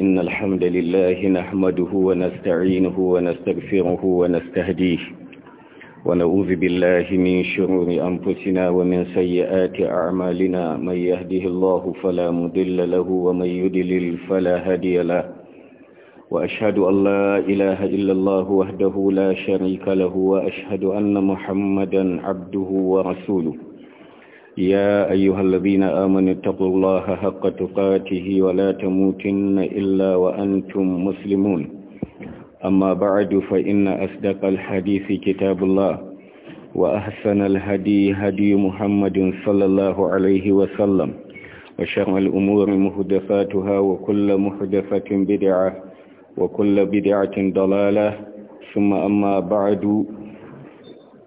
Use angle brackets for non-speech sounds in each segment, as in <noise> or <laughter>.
إن الحمد لله نحمده ونستعينه ونستغفره ونستهديه ونعوذ بالله من شرور أنفسنا ومن سيئات أعمالنا من يهده الله فلا مضل له ومن يدلل فلا هادي له وأشهد أن لا إله إلا الله وحده لا شريك له وأشهد أن محمدا عبده ورسوله يا أيها الذين آمنوا اتقوا الله حق تقاته ولا تموتن إلا وأنتم مسلمون أما بعد فإن أصدق الحديث كتاب الله وأحسن الهدي هدي محمد صلى الله عليه وسلم وشر الأمور مهدفاتها وكل مهدفة بدعة وكل بدعة ضلالة ثم أما بعد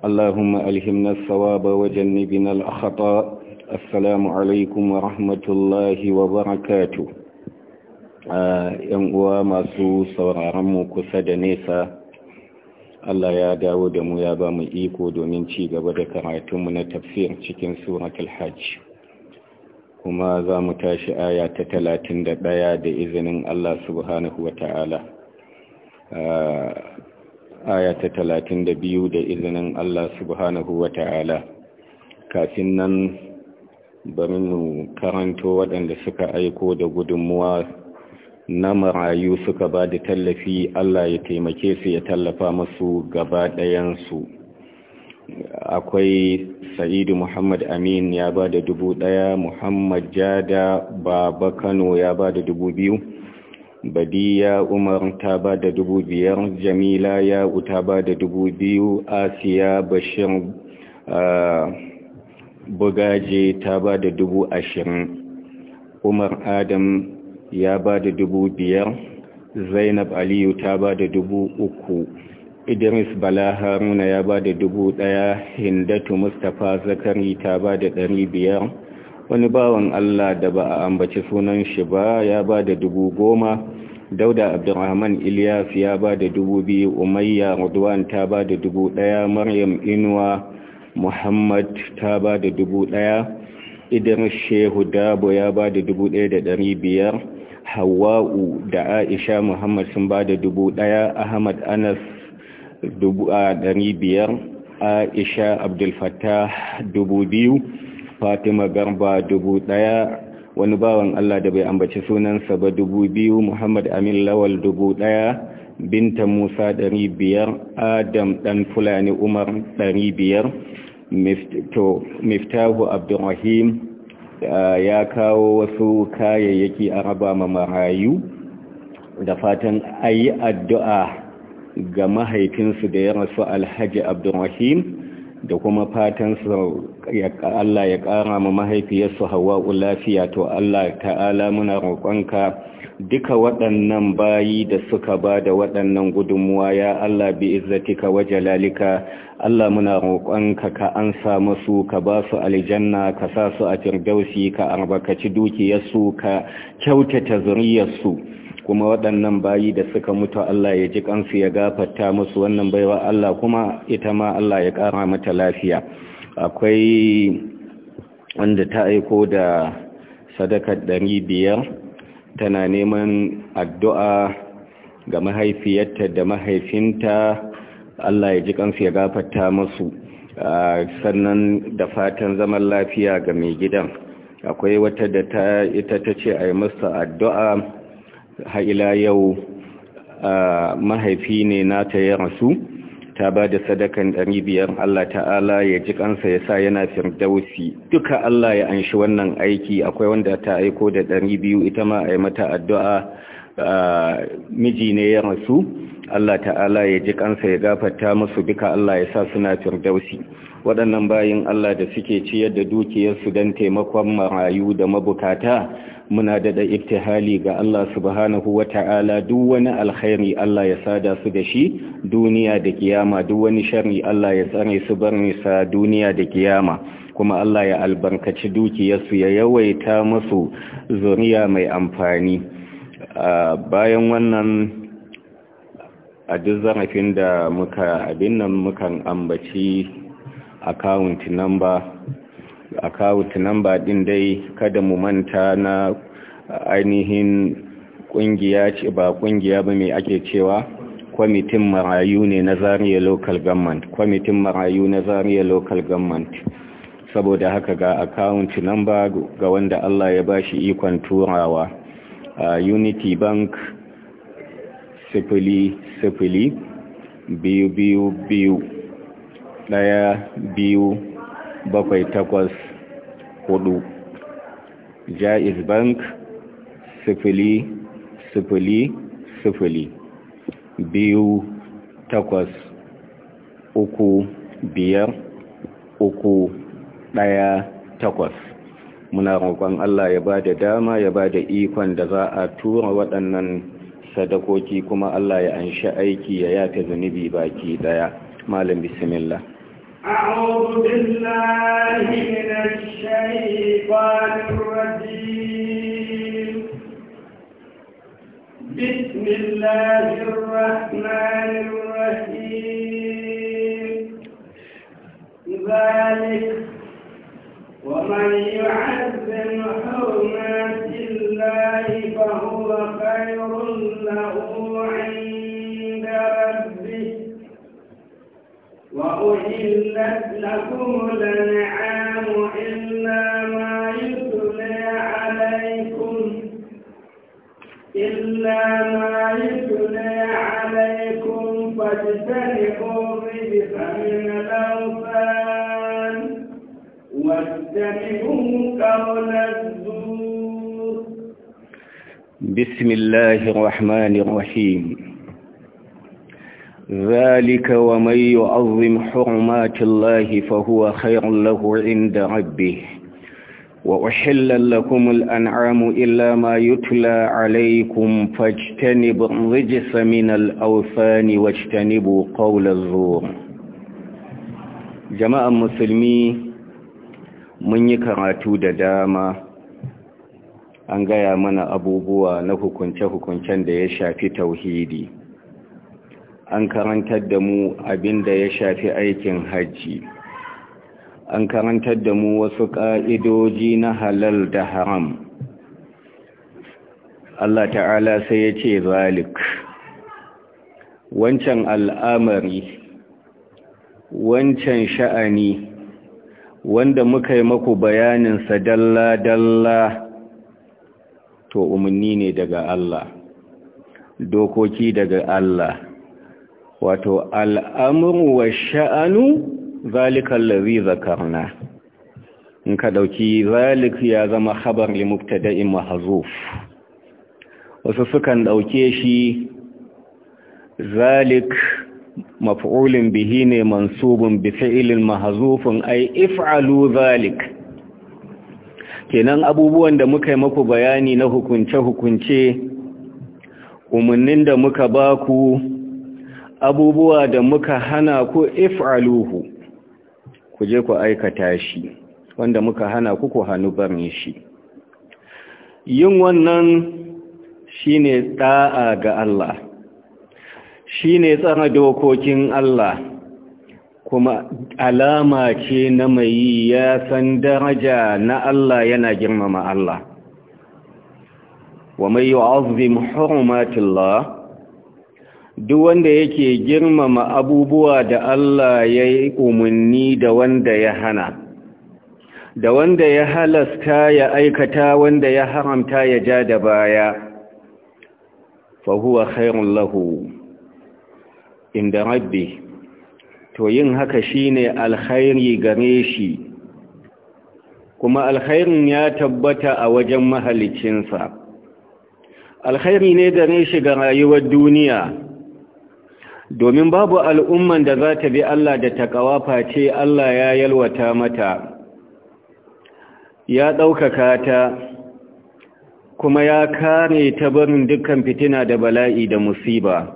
اللهم ألهمنا الصواب وجنبنا الأخطاء السلام عليكم ورحمة الله وبركاته uwa masu sauraron mu kusa da nesa Allah ya dawo da mu ya bamu iko domin ci gaba da karatunmu na tafsir cikin suratul hajj kuma za mu tashi aya ta talatin da ɗaya da izinin Allah subhanahu wa ta'ala ah, aya ta talatin da biyu da izinin Allah subhanahu wa ta'ala kafin nan bari mu karanto waɗanda suka aiko da gudunmuwa na marayu suka ba da tallafi Allah ya taimake su ya tallafa masu gaba ɗayansu akwai sa'idu muhammad amin ya ba da dubu ɗaya muhammad jada baba kano ya ba da dubu biyu badiya umar ta ba da dubu biyar jamila ya ta ba da dubu biyu asiya bashir bugaje ta ba da dubu ashirin umar adam ya ba da dubu biyar zainab aliyu ta ba da dubu uku idris bala haruna ya ba da dubu daya hindatu mustapha zakari ta ba da dari biyar wani bawan Allah da ba a ambaci sunan shi ba ya ba da dubu goma dauda abdurrahman ilyas ya ba da dubu biyu umayya rudwan ta ba da dubu daya maryam inuwa muhammad ta ba da dubu daya idan shehu dabo ya ba da dubu daya da dari biyar hawa'u da aisha muhammad sun ba da dubu daya ahmad anas dubu a dari biyar aisha abdulfatta dubu biyu fatima garba dubu ɗaya wani bawan Allah da bai ambaci sunansa ba dubu biyu Muhammad Amin Lawal dubu ɗaya Binta Musa ɗari biyar Adam ɗan Fulani Umar ɗari biyar Miftahu Abdurrahim ya kawo wasu kayayyaki a raba ma marayu da fatan ayi addu'a ga mahaifinsu da ya rasu Alhaji Abdurrahim da kuma fatan su Allah ya ƙara ma mahaifiyarsu hawa lafiya to Allah ta'ala muna roƙonka duka waɗannan bayi da suka ba da waɗannan gudunmuwa ya Allah bi izzatika wa jalalika Allah muna roƙonka ka ansa masu ka ba su aljanna ka sa su a firdausi ka arbakaci dukiyarsu ka kyautata zuriyarsu kuma waɗannan bayi da suka mutu Allah ya ji kansu ya gafata musu wannan baiwa Allah kuma ita ma Allah ya ƙara mata lafiya akwai wanda ta aiko da sadakar ɗari biyar tana neman addu'a ga mahaifiyarta da mahaifinta Allah ya ji kansu ya gafata masu sannan da fatan zaman lafiya ga mai gidan akwai wata da ta ita ta ce a yi masa addu'a ha'ila yau mahaifi ne na ta yi rasu ta ba da sadakan ɗari biyar Allah ta'ala ya ji kansa ya sa yana firdausi duka Allah ya anshi wannan aiki akwai wanda ta aiko da ɗari biyu ita ma a yi mata addu'a miji ne ya rasu Allah ta'ala ya ji kansa ya gafarta musu duka Allah ya sa suna firdausi waɗannan bayin Allah da suke ciyar da dukiyarsu don taimakon marayu da mabukata muna daɗa iftihali ga Allah subhanahu wa ta'ala duk wani alkhairi Allah ya sada su da shi duniya da kiyama duk wani shari Allah ya tsare su bar nisa duniya da kiyama kuma Allah ya albarkaci dukiyarsu ya yawaita musu zuriya mai amfani bayan wannan a duk zarafin da muka abin nan mukan ambaci account number account number din dai kada mu manta na ainihin kungiya ce ba kungiya ba mai ake cewa kwamitin marayu ne na zariya local government kwamitin marayu na zariya local government saboda haka ga account number ga wanda Allah ya ba shi ikon turawa uh, unity bank sifili sifili biyu biyu biyu ɗaya biyu bakwai takwas hudu jaiz bank sifili sifili sifili biyu takwas uku biyar uku ɗaya takwas muna roƙon Allah ya ba da dama ya ba da ikon da za a tura waɗannan sadakoki kuma Allah ya anshi aiki ya yata zunubi baki ɗaya malam bismillah أعوذ بالله من الشيطان الرجيم بسم الله الرحمن الرحيم ذلك ومن يعزم حرمات الله فهو خير له عند ربه وأحلت لكم الأنعام إلا ما يتلى عليكم إلا ما يتلى عليكم فاجتنبوا الرجس من الأوثان واجتنبوا قول الزور بسم الله الرحمن الرحيم ذلك ومن يعظم حرمات الله فهو خير له عند ربه وأحل لكم الأنعام إلا ما يتلى عليكم فاجتنبوا الرجس من الأوثان واجتنبوا قول الزور جماعة مسلمي mun yi karatu da dama an gaya mana abubuwa na hukunce-hukuncen da ya shafi tauhidi an karantar da mu abin da ya shafi aikin hajji an karantar da mu wasu ƙa'idoji na halal da haram Allah ta'ala sai ya ce zalik wancan al'amari wancan sha'ani wanda muka yi maku bayaninsa dalla-dalla to umarni ne daga Allah dokoki daga Allah wato al'amuru wa sha'anu zalikan lari zakarna in ka ɗauki zalik ya zama habar limubtada'in mahazuf wasu sukan ɗauke shi zalik maf'ulin bihi ne mansubin bi mahazufin ai if'alu zalik kenan abubuwan da muka yi maku bayani na hukunce-hukunce umarnin da muka baku abubuwa da muka hana ku if'aluhu ku je ku aikata shi wanda muka hana ku ku hannu barin shi yin wannan shine da'a ga Allah shine tsara dokokin Allah kuma alama ce na mai ya san daraja na Allah yana girmama Allah wa mai yu'azzim hurumatillah duk wanda yake girmama abubuwa da Allah ya yi umarni da wanda ya hana da wanda ya halasta ya aikata wanda ya haramta ya ja da baya fahuwa khairun lahu inda rabbi to yin haka shine alkhairi gare shi kuma alkhairin ya tabbata a wajen mahalicinsa alkhairi ne gare shi ga rayuwar duniya domin babu al'umman da za ta bi Allah da takawa face Allah ya yalwata mata ya ɗaukaka ta kuma ya kare ta barin dukkan fitina da bala'i da musiba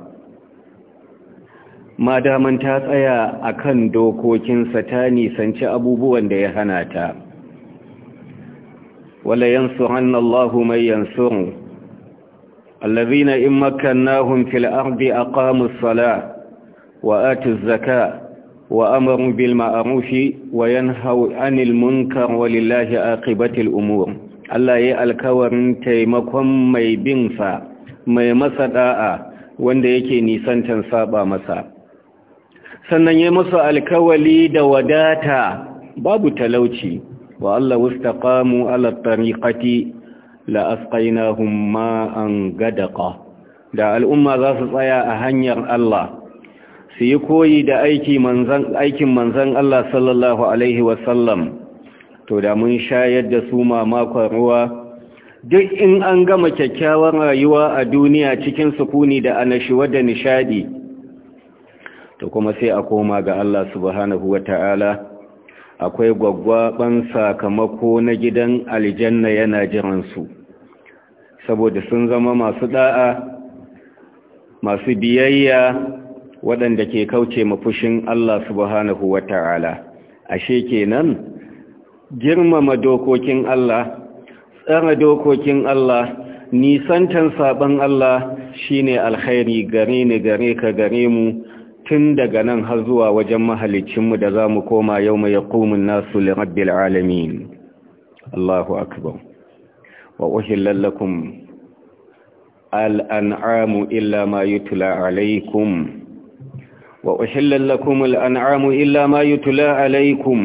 madaman ta tsaya a kan dokokinsa ta nisanci abubuwan da ya hana ta wala yansu hannun mai yansu الذين إن مكناهم في الأرض أقاموا الصلاة وآتوا الزكاة وأمروا بالمعروف وينهوا عن المنكر ولله عاقبة الأمور Allah ya alkawarin taimakon mai sa, mai masa da'a wanda yake nisantan saɓa masa sannan ya masu alkawali da wadata babu talauci wa Allah wastaqamu ala tariqati la'asƙainahun ma'an gadaqa da al'umma za su tsaya a hanyar Allah su yi koyi da aikin manzan Allah sallallahu Alaihi sallam to da mun shayar da su mamakon ruwa duk in an gama kyakkyawar rayuwa a duniya cikin sukuni da anashi da nishadi to kuma sai a koma ga Allah subhanahu wa ta'ala akwai ban sakamako na gidan aljanna yana jiransu saboda sun zama masu da'a masu biyayya waɗanda ke kauce mafushin Allah subhanahu wa ta'ala ashe kenan girmama dokokin Allah tsara dokokin Allah nisantan saban Allah shine alkhairi gare ni gare ka gare mu tun daga nan har zuwa wajen mahalicinmu da za mu koma yau mai yaƙumin nasu lirabbil alamin Allahu akbar وأهل لكم الأنعام إلا ما يتلى عليكم وأحل لكم الأنعام إلا ما يتلى عليكم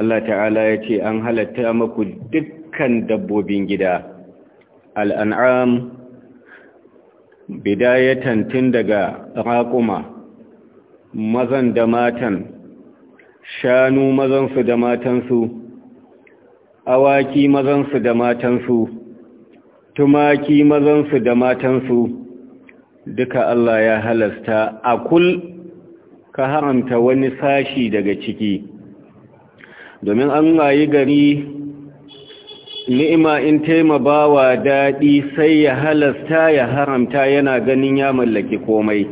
الله تعالى يتي أن هل تامك دكا دبو بين جدا الأنعام بداية تندق راقما مزن دماتا شانو مزن فدماتنسو awaki mazansu da matansu tumaki mazansu da matansu duka Allah ya halasta a kul ka haramta wani sashi daga ciki domin an rayu gari ni'ima in taimabawa daɗi sai ya halasta ya haramta yana ganin ya mallaki komai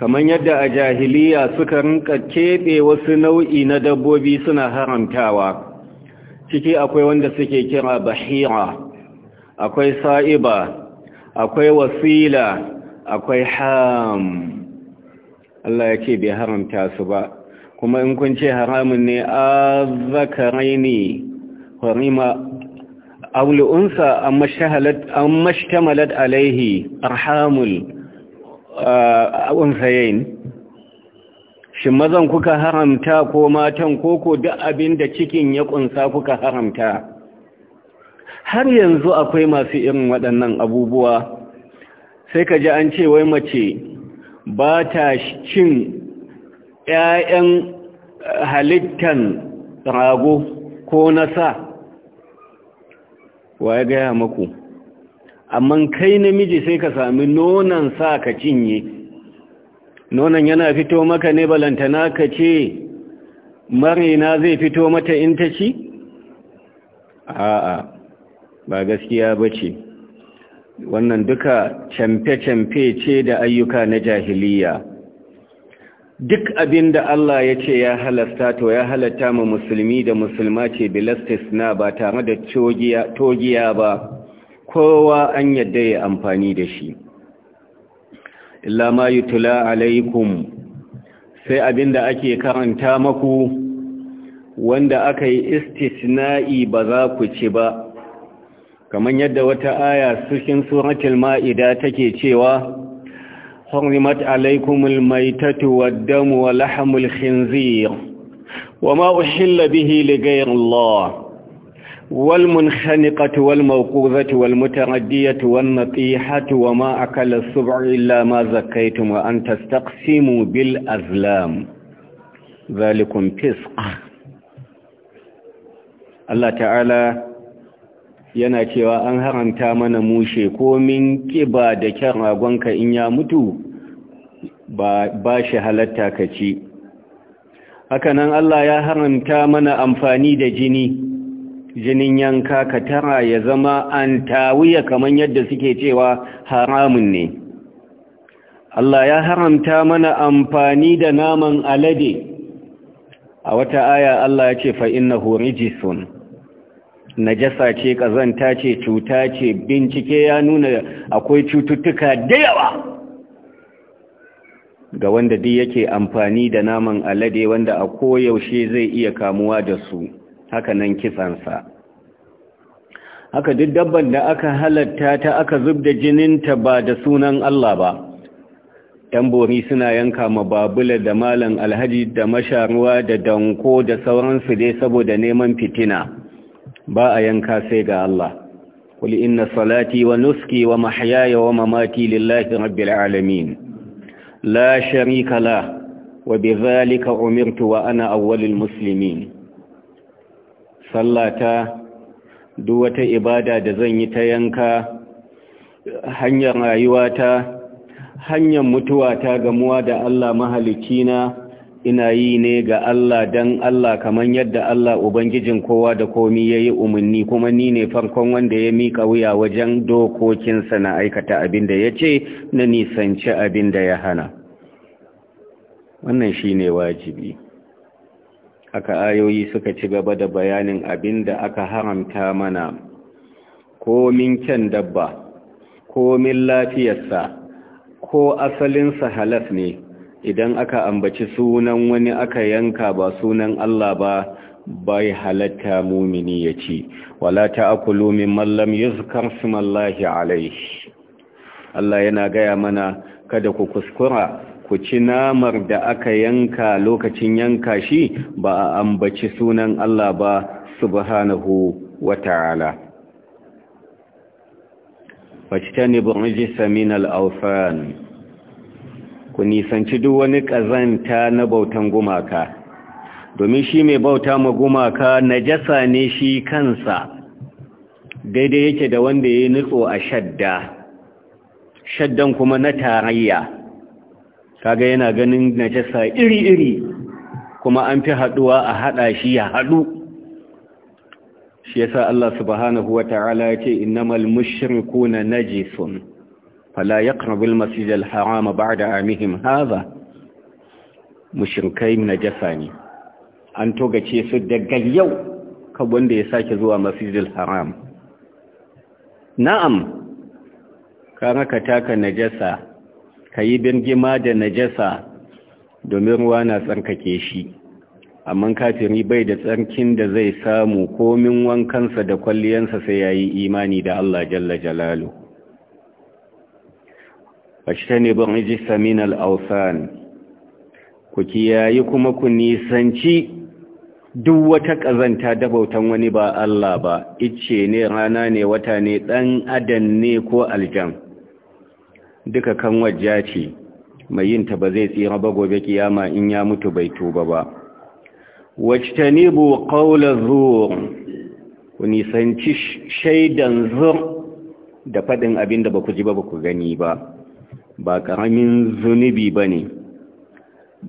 kamar yadda a jahiliya suka rinka keɓe wasu nau'i na dabbobi suna haramtawa ciki akwai wanda suke kira bahira akwai sa'iba akwai wasila akwai ham Allah ya ce bai haramta su ba kuma in kun ce haramun ne a zakarai ne harima aulu'unsa an mashtamalat alaihi arhamul uh, unsayin shi mazan kuka haramta ko matan koko duk abin da cikin ya kunsa kuka haramta har yanzu akwai masu irin waɗannan abubuwa sai ka ji an ce wai mace ba ta cin ƴaƴan halittan rago ko nasa wa ya gaya maku amma kai namiji sai ka sami nonon sa ka cinye nonon yana fito maka ne balantana ka ce marina zai fito mata in ta ci? a'a ba gaskiya ba ce wannan duka camfe-camfe ce da ayyuka na jahiliya duk abin da Allah ya ce ya halasta to ya halatta ma musulmi da musulma ce bilastis na ba tare da togiya ba kowa an yadda ya amfani da shi illa ma tula alaikum sai abinda ake karanta maku wanda aka yi istisna'i ba za ku ci ba kamar yadda wata aya cikin suratul ma'ida take cewa حرمت عليكم الميتة والدم ولحم الخنزير وما أحل به لغير الله والمنخنقة والموقوذة والمتعدية والنطيحة وما أكل السبع إلا ما زكيتم وأن تستقسموا بالأزلام ذلكم فسق الله تعالى yana cewa an haramta mana mushe ko min kiba da kyan ragonka in ya mutu ba, shi halatta ka ci hakanan Allah ya haramta mana amfani da jini jinin yanka ka tara ya zama an tawiya kamar yadda suke cewa haramun ne Allah ya haramta mana amfani da naman alade a wata aya Allah ya ce fa innahu rijisun najasa ce ƙazanta ce cuta ce bincike ya nuna akwai cututtuka da yawa ga wanda duk yake amfani da naman alade wanda a koyaushe zai iya kamuwa da su haka nan kitsansa haka duk dabban da aka halatta ta aka zub da jininta ba da sunan Allah ba ɗan bori suna yanka ma babula da malan alhaji da masharuwa da danko da sauransu dai saboda neman fitina ba a yanka sai ga Allah kuli inna salati wa nuski wa mahyaya wa mamati lillahi rabbil alamin la sharika la wa bidhalika umirtu wa ana awwalul muslimin sallata duk wata ibada da zan yi ta yanka hanyar rayuwata hanyar mutuwata gamuwa da Allah mahalicina ina yi ne ga Allah dan Allah kamar yadda Allah ubangijin kowa da komi yayi umarni kuma ni ne farkon wanda ya mika wuya wajen dokokinsa na aikata abin da ya na nisanci abin da ya hana wannan shine wajibi aka ayoyi suka ci gaba da bayanin abin da aka haramta mana komin kyan dabba komin lafiyarsa ko asalinsa halas ne idan aka ambaci sunan wani aka yanka ba sunan Allah ba bai halatta mumini ya ci wala mallam mimman lam yuzkar sumallahi alayhi Allah yana gaya mana kada ku kuskura ku ci namar da aka yanka lokacin yanka shi ba a ambaci sunan Allah ba subhanahu wa ta'ala wacitani burjisa min al'aufan ku nisanci duk wani ƙazanta na bautan gumaka domin shi mai bauta ma gumaka najasa ne shi kansa daidai yake da wanda ya yi nutso a shadda shaddan kuma na tarayya kaga yana ganin najasa iri-iri kuma an fi haduwa a hada shi ya hadu shi yasa Allah subhanahu wata'ala yace innamal mushrikuna najisun fala yaqrabu al-masjid al-haram ba'da amihim hadha mushrikai najasa ne an togace su daga yau ka wanda ya sake zuwa masjid al-haram na'am kana ka taka najasa ka yi bingima da najasa domin ruwa na tsarkake shi amma kafiri bai da tsarkin da zai samu komin wankansa da kwalliyansa sai ya yi imani da Allah jalla jalalu fashtani bin rijista min al'ausan ku kiyayi kuma ku nisanci duk wata ƙazanta da bautan wani ba Allah ba icce ne rana ne wata ne ɗan adam ne ko aljan duka kan wajja ce mai yin ta ba zai tsira ba gobe kiyama in ya mutu bai tuba ba wajtanibu qawla zur ku nisanci shaidan zur da faɗin abinda da ba ku ji ba ku gani ba ba ƙaramin zunubi bane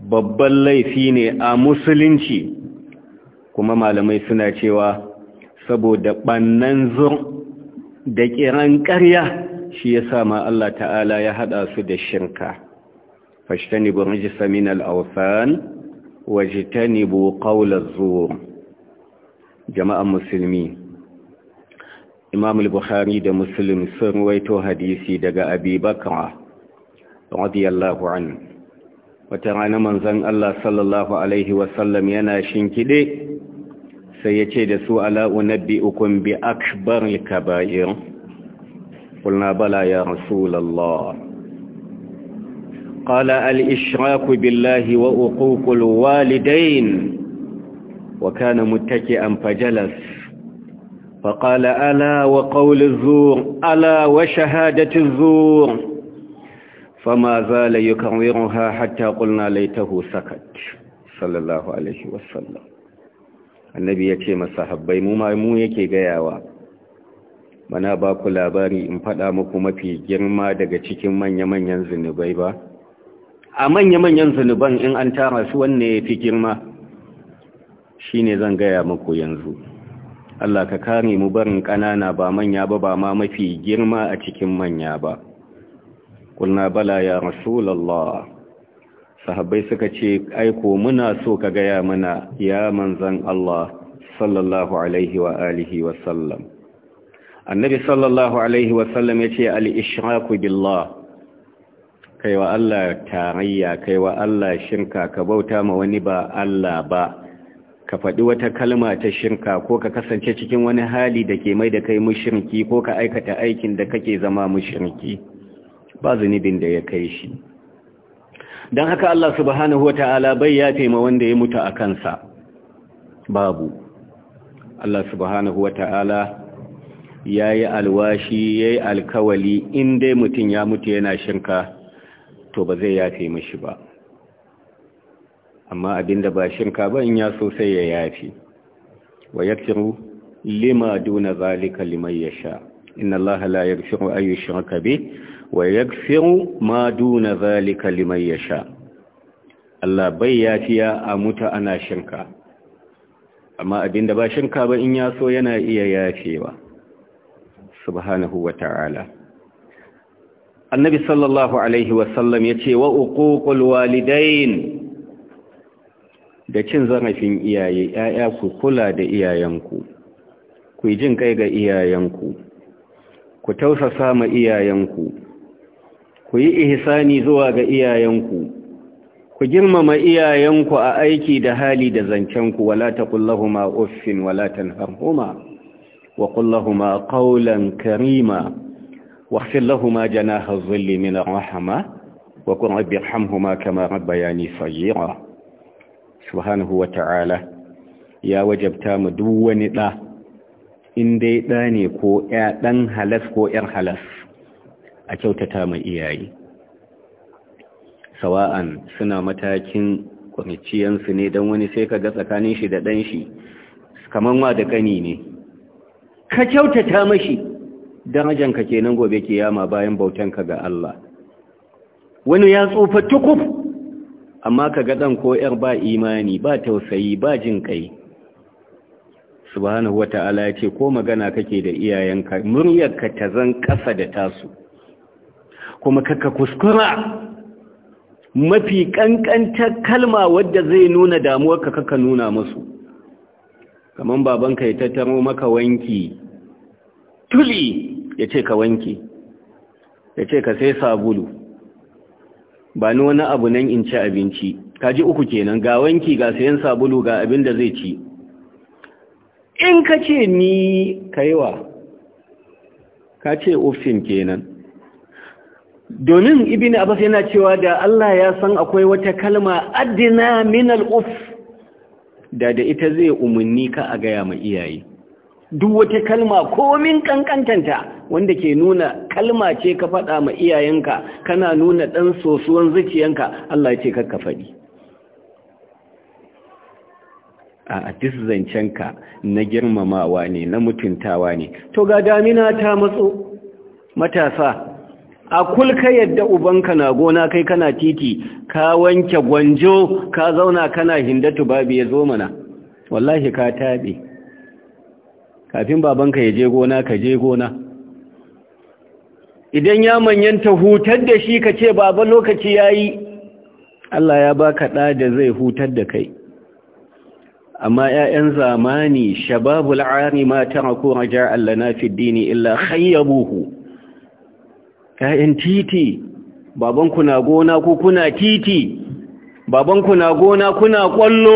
babban laifi ne a musulunci kuma malamai suna cewa saboda ɓannan zur da ƙiran ƙarya shi ya sa ma Allah ta'ala ya haɗa su da shirka fashtani bu rijisa min al'ausan wajitani bu ƙaular zuwa jama'an musulmi imam al-bukhari da Musulmi sun waito hadisi daga abi bakra radiyallahu an wata rana manzon Allah sallallahu alaihi wasallam yana shinkide sai ya ce da su ala unabbi ukun bi akbar kaba'ir قلنا بلى يا رسول الله قال الإشراك بالله وأقوق الوالدين وكان متكئا فجلس فقال ألا وقول الزور ألا وشهادة الزور فما زال يكررها حتى قلنا ليته سكت صلى الله عليه وسلم annabi ya ce masahabbai mu ma mu yake gayawa mana ba ku labari in faɗa muku mafi girma daga cikin manya-manyan zunubai ba a manya-manyan zunuban in an tara su wanne ya fi girma shi ne zan gaya muku yanzu Allah ka kare mu barin ƙanana ba manya ba ba ma mafi girma a cikin manya ba kulna bala ya rasulallah sahabbai suka ce aiko muna so ka gaya mana ya manzan Allah sallallahu alaihi wa alihi wa annabi sallallahu alaihi wasallam ya ce al'ishraku billah kai wa Allah tarayya kai wa Allah shirka ka bauta ma wani ba Allah ba ka faɗi wata kalma ta shirka ko ka kasance cikin wani hali da ke mai da kai mushriki ko ka aikata aikin da kake zama mushriki ba zunubin da ya kai shi don haka Allah subhanahu wa ta'ala bai ya taima wanda ya mutu a kansa babu Allah subhanahu wa ta'ala ya yi alwashi ya yi alkawali in dai mutum ya mutu yana shinka, to ba zai yafe mashi ba amma abinda ba shinka ba in ya so sai ya yafe wa yaksiru lima duna zalika liman yasha inna allaha la yaghfiru an yushraka bi wa yaghfiru ma duna zalika liman yasha Allah bai yafiya a mutu ana shinka. amma abinda ba shinka ba in ya so yana iya yafewa subhanahu wa ta'ala annabi sallallahu alaihi wasallam ya ce wa uququl walidain da cin zarafin iyaye ‘ya'ya ku kula da iyayenku ku yi jin kai ga iyayenku ku tausasa ma iyayenku ku yi ihsani zuwa ga iyayenku ku girmama iyayenku a aiki da hali da zancenku wala taqullahuma uffin wala tanharhuma وقل لهما قولا كريما واغفر لهما جناح الظل من الرحمة وقل رب ارحمهما كما ربياني صغيرا سبحانه وتعالى يا وجبتا مدوني لا in dai ɗa ne ko ɗan halas ko ‘yar halas a kyautata mai iyaye sawa'an suna matakin kwamiciyansu ne don wani sai ka ga tsakanin shi da ɗan shi wa da ƙani ne ka kyautata mashi darajanka kenan gobe yama bayan bautanka ga Allah wani ya tsufa tukuf amma ka ga dan ko yar ba imani ba tausayi ba jin kai subhanahu wata'ala ya ce ko magana kake da iyayenka muryarka ta zan kasa da tasu kuma kaka kuskura mafi kankantar kalma wadda zai nuna damuwarka kaka nuna musu kamar babanka ya tattaro maka wanki tuli ya ce ka wanki ya ce ka sai sabulu ba ni wani abu nan in ci abinci kaji uku kenan ga wanki ga sayan sabulu ga abin da zai ci in ka ce ni ka yi wa. ka ce ofin kenan domin ibini abbas yana cewa da Allah ya san akwai wata kalma adina min uf". da da ita zai umarni ka a gaya ma iyaye duk wata kalma komin kankantanta wanda ke nuna kalma ce ka faɗa ma iyayenka kana nuna ɗan sosuwan zuciyanka Allah ce ka faɗi a duk zancenka na girmamawa ne na mutuntawa ne to ga damina ta matso matasa a kulka yadda ubanka na gona kai kana titi ka wanke gwanjo ka zauna kana hindatu babu ya zo mana wallahi ka tabe kafin babanka ya je gona ka je gona idan ya manyanta hutar da shi ka ce baba lokaci ya yi Allah ya baka ɗa da zai hutar da kai amma 'ya'yan zamani shababul ari ma tara ko raja Allah na fi dini illa khayyabuhu kayan titi babanku na gona ko kuna titi babanku na gona kuna kwallo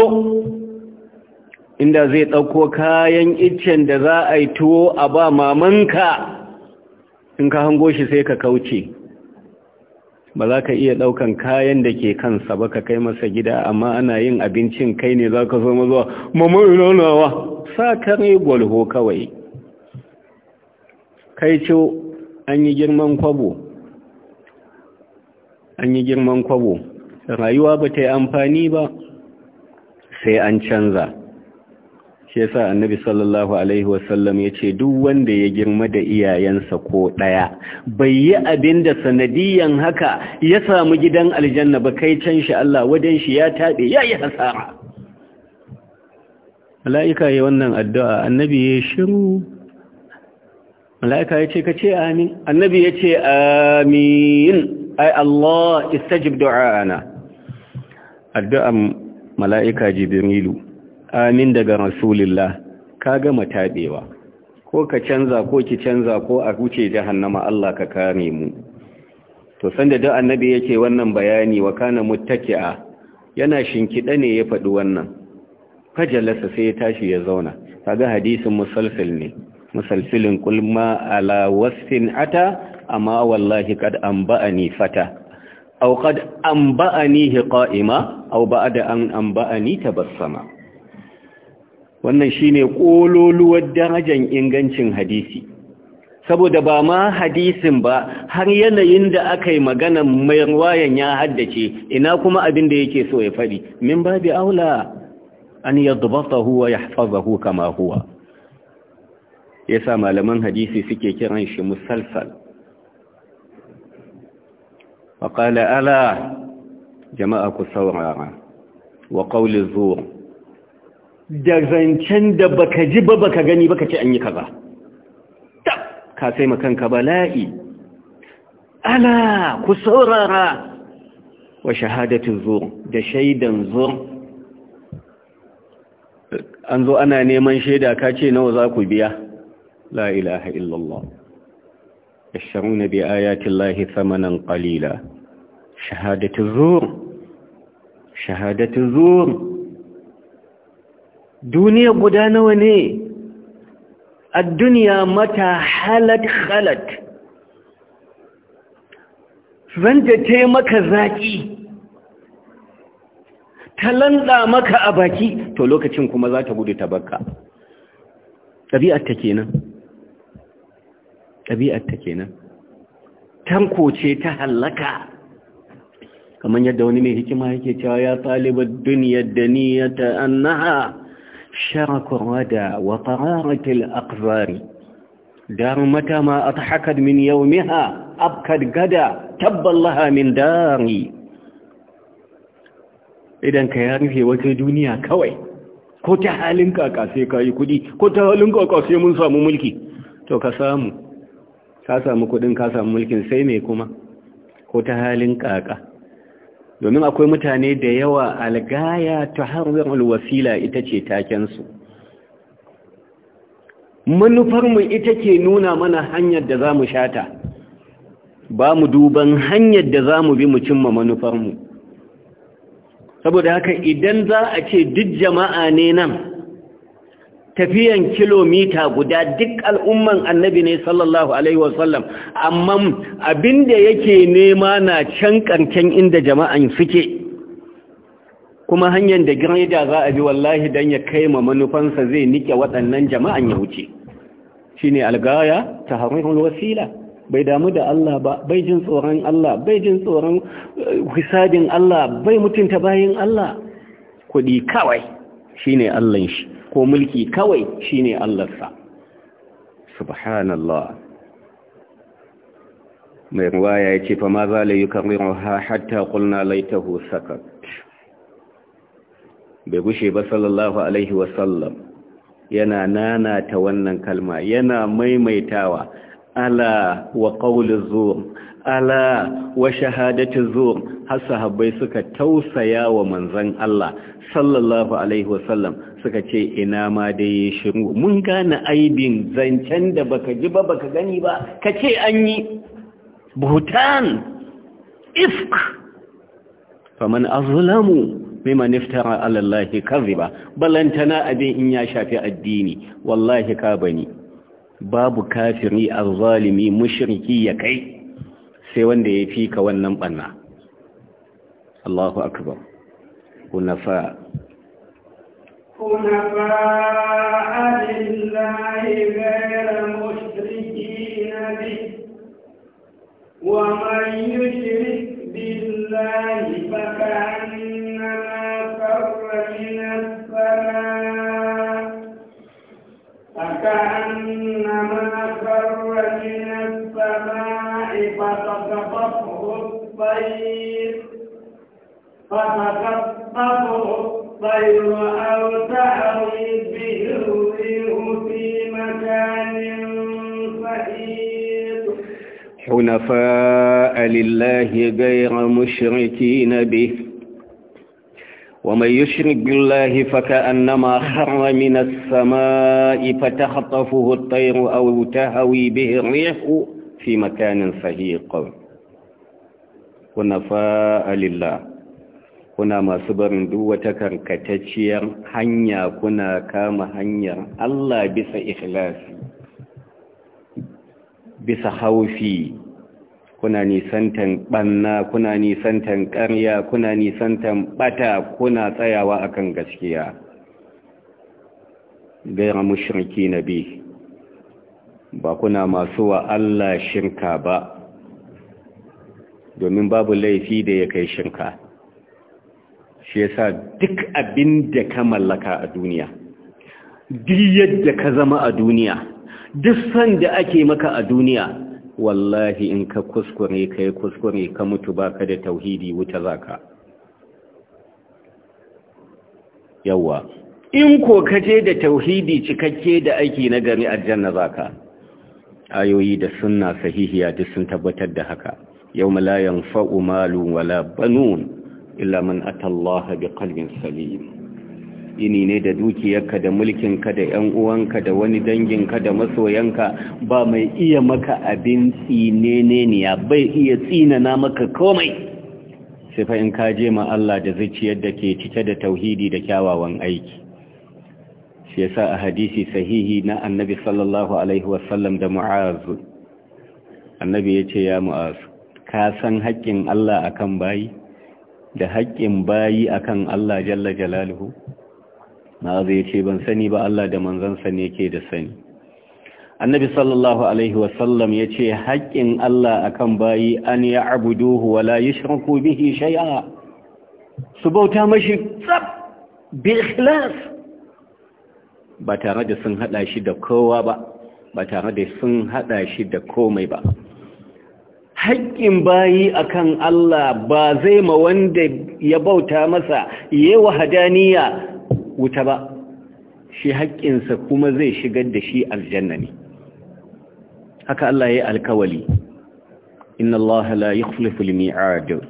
inda zai ɗauko kayan iccen da za a yi tuwo a ba mamanka in ka hango shi sai ka kauce ba za ka iya ɗaukan kayan da ke kansa ba ka kai masa gida amma ana yin abincin kai ne za ka zo mazuwa mama sa kare gwalho kawai kai ciwo an yi girman kwabo an yi girman kwabo rayuwa ba ta yi amfani ba sai an canza shi yasa annabi sallallahu alaihi wasallam ya ce duk wanda ya girma da iyayensa ko ɗaya bai yi abin da sanadiyan haka ya samu gidan aljanna ba kai can shi Allah wajen shi ya taɓe ya yi hasara mala'ika ya wannan addu'a annabi ya shiru mala'ika ya ce ka ce amin annabi ya ce amin ay Allah istajib du'ana addu'an mala'ika jibrilu amin daga rasulullah ka gama taɓewa ko ka canza ko ki canza ko a wuce jahannama Allah ka kare mu to sanda da annabi yake wannan bayani wa kana muttaki'a yana shinkida ne ya faɗi wannan fajalasa sai ya tashi ya zauna kaga hadisin musalsal ne musalsilin kulma ala wasfin ata amma wallahi kad anba'ani fata Au kad anba'ani qa'ima aw da an anba'ani tabassama wannan shine ƙololuwar darajar ingancin hadisi saboda ba ma hadisin ba har yanayin da aka yi magana mai ruwayan ya haddace ina kuma abin da yake so ya faɗi min babi aula an yadbatahu wa yahfazahu kama huwa ya sa malaman hadisi suke kiran shi musalsal wa ƙala ala jama'a ku saurara wa ƙauli zuwa da zancen da baka ji ba baka gani baka ce an yi kaza ka sai makanka bala'i ala ku saurara wa shahadatin zuwa da shaidan zuwa an zo ana neman shaida ka ce nawa za ku biya لا إله إلا الله يشترون بآيات الله ثمنا قليلا شهادة الزور شهادة الزور دنيا قدانا وني الدنيا متى حلت خلت zanta ta maka zaƙi ta landa maka a baki to lokacin kuma za ta gudu ta bakka ɗabi'ar ta kenan ɗabi'ar ta kenan tanko ce ta hallaka kamar yadda wani mai hikima yake cewa ya talibar duniyar da niyyata annaha sharakun wada wa fararatil akzari Darin mata ma a tahakad min yaumiha abkar gada tabballaha min dari idan ka ya rufe wata duniya kawai ko ta halin kaka sai ka yi kudi ko ta halin kaka sai mun samu mulki to ka samu ka samu kudin ka samu mulkin sai mai kuma ko ta halin kaka domin akwai mutane da yawa algaya ta harin alwasila ita ce takensu manufarmu ita ke nuna mana hanyar da za mu shata ba mu duban hanyar da za mu bi mu cimma manufarmu saboda haka idan za a ce duk jama'a ne nan tafiyan kilomita guda duk al'umman annabi ne sallallahu alaihi wasallam amma abinda yake nema na can kankan inda jama'an suke kuma hanyar da gireda za a bi wallahi don ya kai ma manufansa zai nike waɗannan jama'an ya wuce shi ne algaya ta harin wasila bai damu da Allah ba bai jin tsoron Allah bai jin tsoron eh, hisabin Allah bai mutunta bayin Allah kuɗi kawai shi ne Allahn shi ko mulki kawai shine Allahnsa subhanallah mai ruwaya ya ce fa ma za la yukarriru ha hatta qulna laitahu sakat bai gushe ba sallallahu alaihi wa sallam yana nanata wannan kalma yana maimaitawa ala wa qawli zur ala wa shahadati zur har sahabbai suka tausaya wa manzon Allah sallallahu alaihi wa sallam. suka ce ina ma dai ya shiru mun gane aibin zancen da baka ji ba baka gani ba ka ce an yi buhutan ifk faman azulamu mimman iftara alallahi kaziba balantana abin in ya shafi addini wallahi ka bani babu kafiri azzalimi mushriki ya kai sai wanda ya fika wannan banna Allahu akbar kunafa حنفاء لله غير مشركين به ومن يشرك بالله فكأنما فر من السماء فكأنما فر من السماء فتخطفه الطير فتخطفه طير أو تهوي في مكان حنفاء لله غير مشركين به ومن يشرك بالله فكأنما خر من السماء فتخطفه الطير أو تهوي به الريح في مكان سهيق ونفاء لله kuna masu barin duk wata karkatacciyar hanya kuna kama hanyar Allah bisa ikhlasi bisa haufi kuna nisantan banna kuna nisantan ƙarya kuna nisantan bata kuna tsayawa akan gaskiya gaira na bi ba kuna masu wa Allah shirka ba domin babu laifi da ya kai shirka shi yasa duk abin da ka mallaka a duniya duk yadda ka zama a duniya duk san da ake maka a duniya wallahi in ka kuskure kai kuskure ka mutu baka da tauhidi wuta zaka yawa in ko ka je da tauhidi cikakke da aiki na gari aljanna zaka ayoyi da sunna sahihiya duk sun tabbatar da haka yawma la yanfa'u malun wala banun illa man ata Allah bi qalbin salim ini ne da dukiyarka da mulkinka da ƴan uwanka da wani danginka da masoyanka ba mai iya maka abin tsineneniya bai iya tsinana maka komai sai fa in ka je ma Allah da zuciyar da ke cike da tauhidi da kyawawan aiki shi yasa a hadisi sahihi na annabi sallallahu alaihi wasallam da mu'az annabi yace ya mu'az ka san haƙƙin Allah akan bayi da haƙƙin bayi akan Allah jalla jalaluhu na zai ce ban sani ba Allah da manzansa ne ke da sani annabi sallallahu alaihi wasallam ya ce haƙƙin Allah akan bayi an ya abuduhu wa la yushriku bihi shay'a su bauta mashi tsab bi ikhlas ba tare da sun hada shi da kowa ba ba tare da sun hada shi da komai ba haƙƙin bayi akan Allah ba zai ma wanda ya bauta masa wa Hadaniya wuta ba shi haƙƙinsa kuma zai shigar da shi aljanna ne haka Allah ya yi alkawali inna Allah la yi al-mi'ad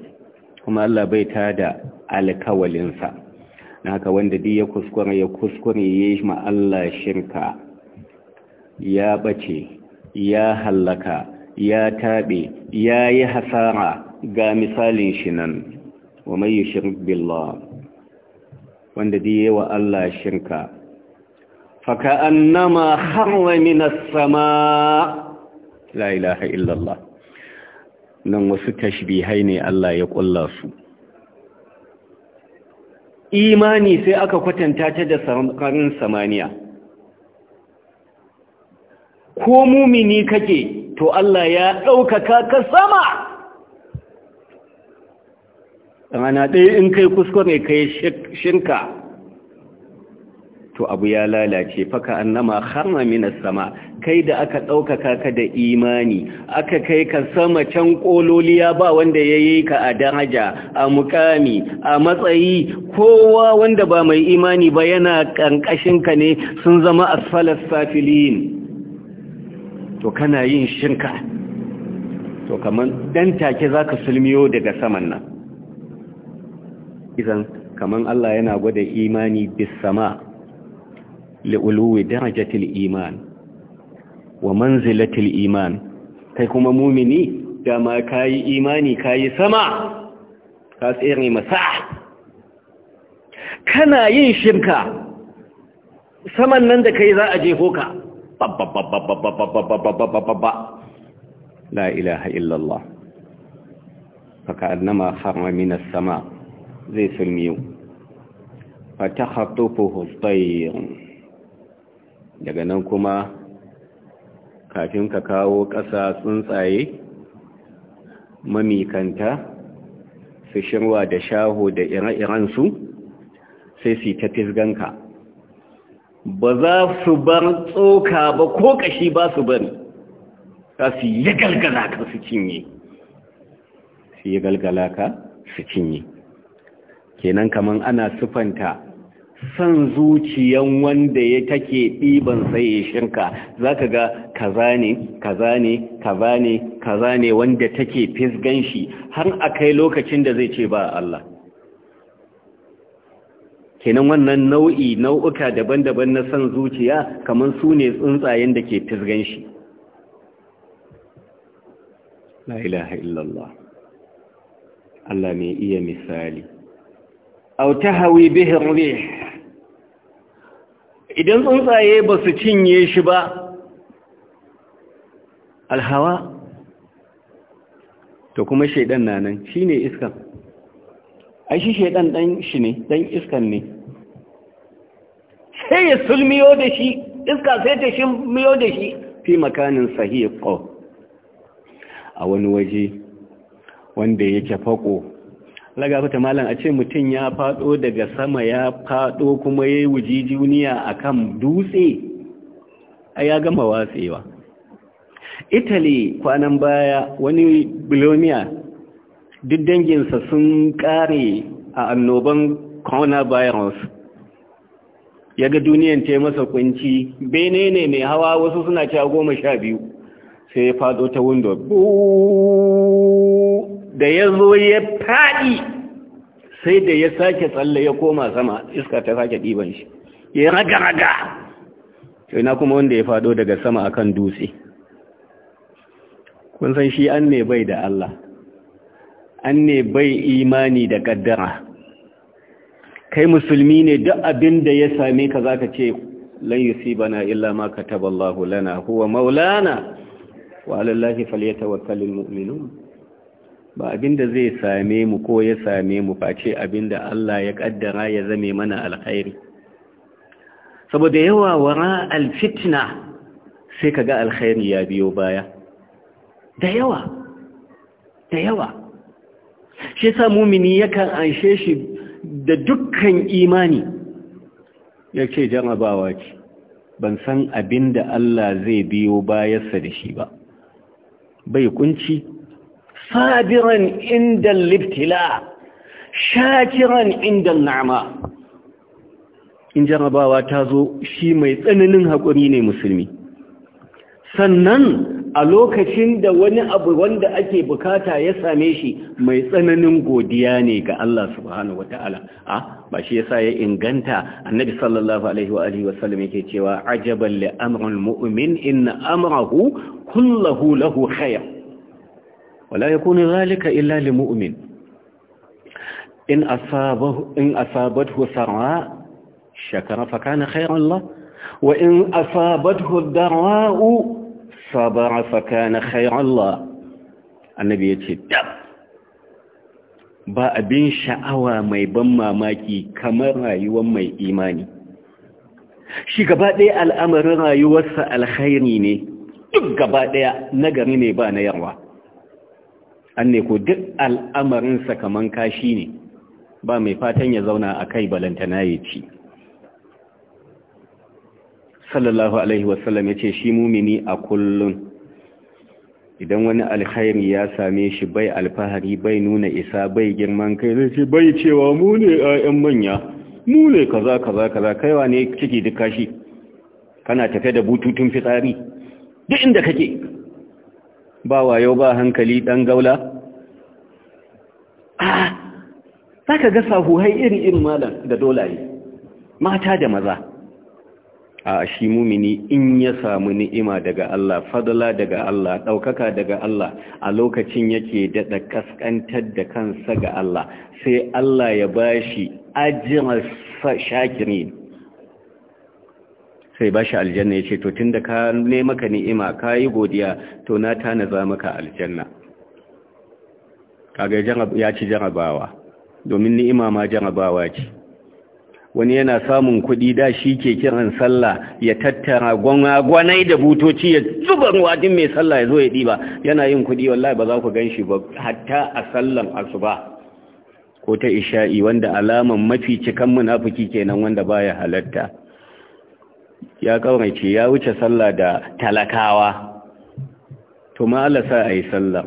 kuma Allah bai ta da alkawalinsa na haka wanda duk ya kuskure ya kuskure ya yi ma Allah shirka ya ɓace ya hallaka ya taɓe ya yi hasara ga misalin shi nan wa mai yi billah wanda diye wa Allah shirka faka annama harwa minas sama la ilaha illallah nan wasu tashbihai ne Allah ya ƙulla su imani sai aka kwatanta ta da sararin samaniya ko mumini kake to Allah ya ɗaukaka ka sama rana ɗaya in kai kuskure kai shinka to abu ya lalace faka annama harma mina sama kai da aka ɗaukaka ka da imani aka kai ka sama can ya ba wanda ya yi ka a daraja a mukami a matsayi kowa wanda ba mai imani ba yana ƙanƙashinka ne sun zama asfalas safilin to kana yin shinka? to kaman dan take zaka sulmiyo daga saman nan idan kaman Allah yana gwada imani bis sama li'uluwi darajatil iman wa manzilatil iman kai kuma mumini dama kayi imani kayi sama ka tsere masa kana yin shirka saman nan da kai za a jefo ka لا إله إلا daga nan kuma kafin ka kawo ƙasa tsuntsaye mamikanta su shirwa da shaho da ire-irensu sai su ta fisganka ba za su bar tsoka ba ko kashi ba su bari Ta su yi galgala ka su cinye su yi galgala ka su cinye kenan kaman ana sufanta san zuciyan wanda ya take ɗiban sai ya shinka za ka ga kaza ne kaza ne kaza ne kaza ne wanda take fisgan shi har a kai lokacin da zai ce ba Allah kenan wannan nau'i nau'uka daban-daban na san zuciya kamar su ne tsuntsayen da ke fisgan shi la ilaha illallah Allah mai iya misali au hawi bihin ne. idan tsuntsaye ba su cinye shi ba alhawa to kuma shaidan nanan, nan ne iskan ai shi shaidan dan shi ne dan iskan ne sai ya sulmiyo da shi iska sai ta shi miyo da shi fi makanin sahiqo a wani waje wanda yake fako laga malam a ce mutum ya fado daga sama ya fado kuma yayi wujijuniya akan dutse a ya gama watsewa italy kwanan baya wani biloniya duk danginsa sun kare a annoban coronavirus ya ga duniyan yi masa kunci bene ne mai hawa wasu suna cewa goma sha biyu sai ya fado ta window da ya zo ya faɗi sai da ya sake tsalle ya koma sama iska ta sake ɗiban shi ya raga-raga na kuma wanda ya fado daga sama akan dutse kun san shi an ne bai da Allah an ne bai imani da ƙaddara. kai musulmi ne duk abin da ya same ka zaka ce lan yusibana illa ma kataballahu lana huwa maulana wa ala llahi falyatawakkalul mu'minun ba abin da zai same mu ko ya same mu face abin da Allah ya kaddara ya zame mana alkhairi saboda yawa wara alfitna sai kaga alkhairi ya biyo baya da yawa da yawa shi sa mumini yakan anshe shi da dukkan imani ya ce jarabawa ce ban san abin da Allah zai biyo bayarsa da shi ba bai kunci sabiran inda liftila shakiran inda na'ama in jarabawa ta zo shi mai tsananin haƙuri ne musulmi sannan a lokacin da wani abu wanda ake bukata ya same shi mai tsananin godiya ne ga Allah subhanahu wata'ala a ba shi yasa ya inganta annabi sallallahu alaihi wa alihi wasallam yake cewa ajaban li amrul mu'min inna amrahu kulluhu lahu khayr wala yakunu zalika illa lil mu'min in asabahu in asabathu sarra shakara fa kana khayran lahu wa in asabathu ad-dara'u sabara fakana khairallah annabi yace ba abin sha'awa mai ban mamaki kamar rayuwar mai imani shi gaba ɗaya al'amarin rayuwarsa alkhairi ne duk gaba ɗaya nagari ne ba na yarwa anne ko duk al'amarinsa kaman kashi ne ba mai fatan ya zauna a kai balantana ya ci sallallahu alaihi wasallam ya ce shi mumini a kullum idan wani alkhairi ya same shi bai alfahari bai nuna isa bai girman kai zai ce bai cewa mu ne ƴaƴan manya mu ne kaza kaza kaza kaiwa ne ciki duka shi kana tafe da bututun fitsari duk inda kake ba wayo ba hankali dan gaula ah ka ga sahuhai iri irin malam da dolaye mata da maza a shi mumini in ya samu ni'ima daga Allah fadala daga Allah ɗaukaka daga Allah a lokacin yake daɗa ƙasƙantar da kansa ga Allah sai Allah ya ba shi ajiyar shakiri sai ba aljanna ya ce to tun da ka nemaka ni'ima ka yi godiya to na za maka aljanna kaga ya ci jarabawa domin ni'ima ma jarabawa ce wani yana samun kuɗi da shi ke kiran sallah ya tattara gwanagwanai da butoci ya zuba din mai sallah ya zo ya ɗiba yana yin kuɗi wallahi ba za ku gan shi ba hatta a sallan asuba ko ta isha'i wanda alaman mafi cikan munafiki kenan wanda baya halatta ya kaurace ya wuce sallah da talakawa to ma Allah sa ayi sallah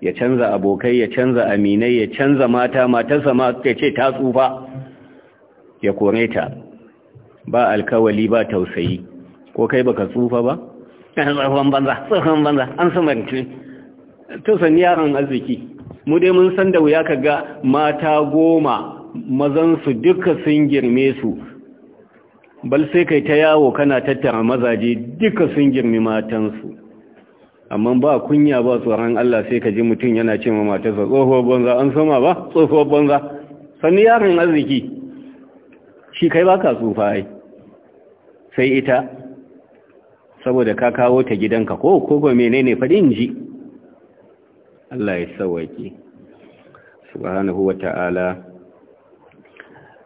ya canza abokai ya canza aminai ya canza mata matarsa ma ce ta tsufa ya kore ta ba alkawali ba tausayi ko kai baka tsufa ba eh, tsohon banza tsohon banza an samarci tausan yaron arziki mu dai mun san da wuya kaga mata goma mazansu duka sun girme su bal sai kai ta yawo kana tattara mazaje duka sun matan matansu amma ba kunya ba tsoron Allah sai ka ji mutum yana ce ma matarsa Tsohon banza an sama ba Tsohon banza Sani yaron arziki shi kai baka tsufa ai sai ita saboda ka kawo ta gidanka ko kogo menene faɗin ji Allah ya sauwaki subhanahu wa Ta'ala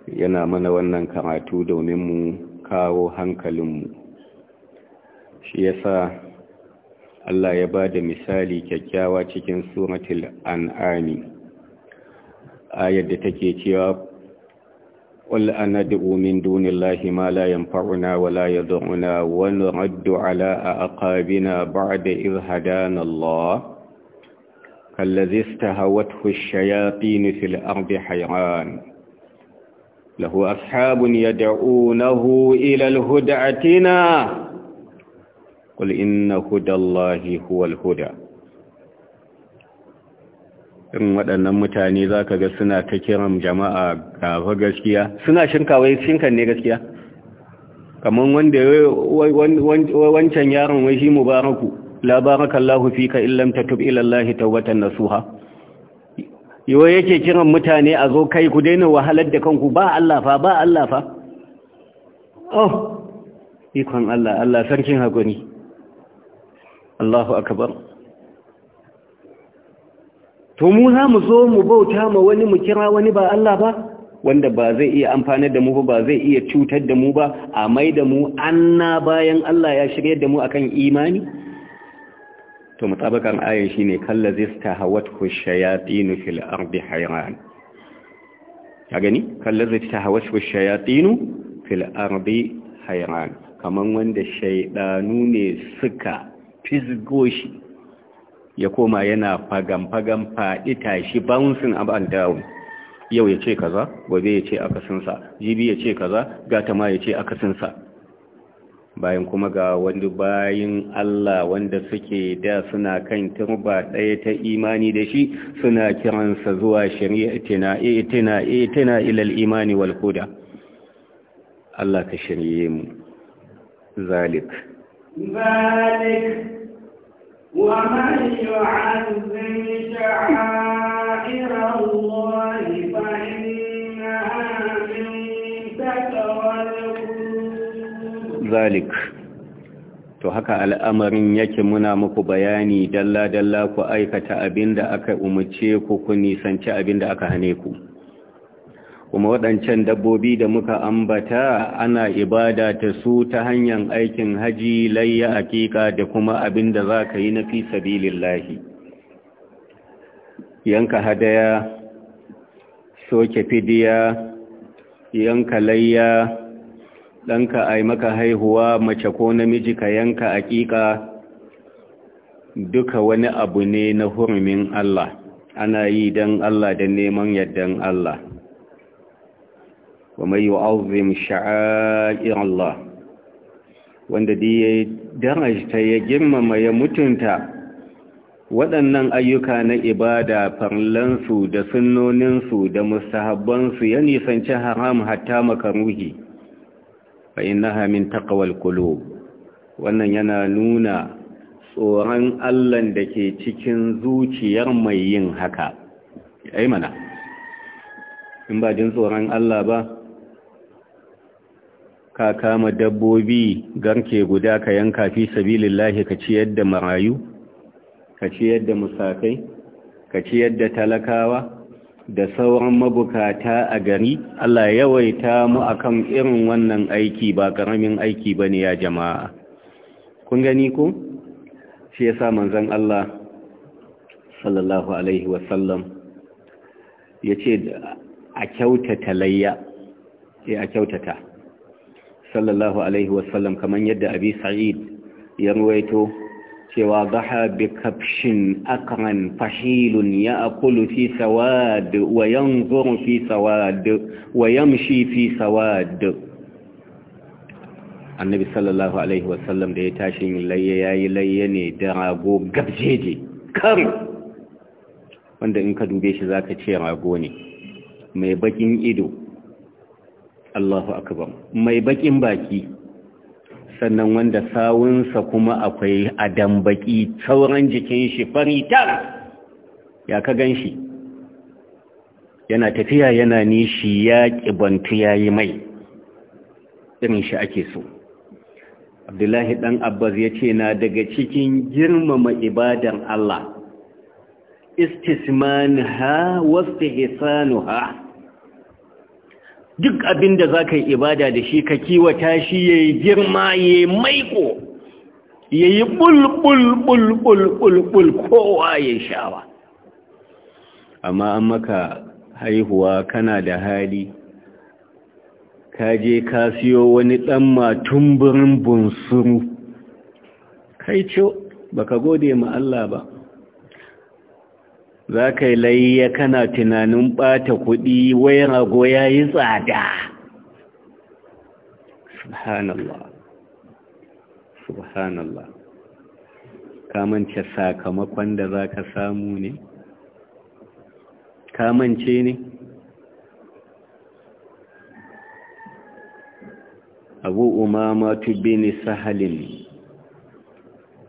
yana mana wannan karatu domin mu kawo hankalin mu. shi yasa Allah ya ba da misali kyakkyawa cikin suratul an'ami ayar da take cewa قل أندعو من دون الله ما لا ينفعنا ولا يضرنا ونرد على أعقابنا بعد إذ هدانا الله كالذي استهوته الشياطين في الأرض حيران له أصحاب يدعونه إلى الهدعتنا قل إن هدى الله هو الهدى in waɗannan mutane za ka ga suna ta kiran jama'a gafa gaskiya suna shinkawai shinkan ne gaskiya kamar wanda ya wancan yaron wai shi mubaraku labarakallahu ka illam tatub ila Allah na nasuha yo yake kiran mutane a zo kai ku daina wahalar da kanku ba Allah fa ba Allah fa oh ikon Allah Allah sarkin haƙuri! Allahu akabar! to mu za mu zo mu bauta ma wani mu kira wani ba Allah ba wanda ba zai iya amfanar da mu ba zai iya cutar da mu ba a mai da mu anna bayan Allah ya shirye da mu akan imani to mutabakan ayin shine kallazi stahawathu shayatin fil ardi hayran ka gani kallazi stahawathu shayatin fil ardi hayran kaman wanda shaydanu ne suka fisgo shi ya koma yana fagan-fagan faɗi tashi bouncing up and down yau ya ce kaza gobe ya ce akasinsa jibi ya ce kaza gata ma ya ce akasinsa bayan kuma ga wani bayan Allah wanda suke da suna kan turba ɗaya ta imani da shi suna kiransa zuwa shari'a tana ilal imani wal huda Allah ka shirye mu zalik zalik zalik to haka al'amarin yake muna muku bayani dalla-dalla ku aikata abinda aka umarce ku ku nisanci abinda aka hane ku kuma waɗancan dabbobi da muka ambata ana ibada ta su ta hanyar aikin haji layya akika da kuma abin da za ka yi na fi lahi yanka hadaya soke fidiya yanka layya ɗanka aimaka maka haihuwa mace ko namiji ka yanka akika duka wani abu ne na hurumin Allah ana yi don Allah da neman yardan Allah ومن يعظم شعائر الله wanda dai ya darajta ya girmama ya mutunta waɗannan ayyuka na ibada farlansu da sunnoninsu da musahabansu, ya nisanci haram hatta makaruhi fa innaha min taqwal qulub wannan yana nuna tsoron Allah da ke cikin zuciyar mai yin haka ai mana in ba jin tsoron Allah ba ka kama dabbobi garke guda ka yanka fi sabilillahi ka ciyar da marayu ka ciyar da musakai ka ciyar da talakawa da sauran mabukata a gari Allah yawaita mu akan irin wannan aiki ba karamin aiki ba ne ya jama'a kun gani ko shi yasa manzon Allah sallallahu alaihi wasallam yace a kyautata layya eh a kyautata sallallahu alaihi wasallam kamar yadda abi sa'id ya ruwaito cewa zaha bi kafshin akran fahilun ya akulu fi sawad wa yanzuru fi sawad wa yamshi fi sawad annabi sallallahu alaihi wasallam da ya tashi yin layya yayi layya ne da rago gabjeje kar wanda in ka dube shi zaka ce rago ne mai bakin ido Allahu akbar mai bakin baki sannan wanda sawunsa kuma akwai adam baki sauran jikin shi fari tar ya ka gan shi? yana tafiya yana nishi ya kibantu yayi mai irin shi ake so abdullahi ɗan abbas ya ce na daga cikin girmama ibadan Allah istismanha ha wasu hisanu ha duk abin da za ka yi ibada da shi ka kiwata shi ya yi girma ya yi maiko ya yi bulbulbulbulbul kowa ya shawa. amma an maka haihuwa kana da hali ka je ka siyo wani ɗan matumburin bunsuru kai ba baka gode ma Allah ba za ka yi layya kana tunanin ɓata kuɗi wai rago ya yi tsada subhanallah subhanallah kamance sakamakon da za ka samu ne kamance ne abu umama bin sahalin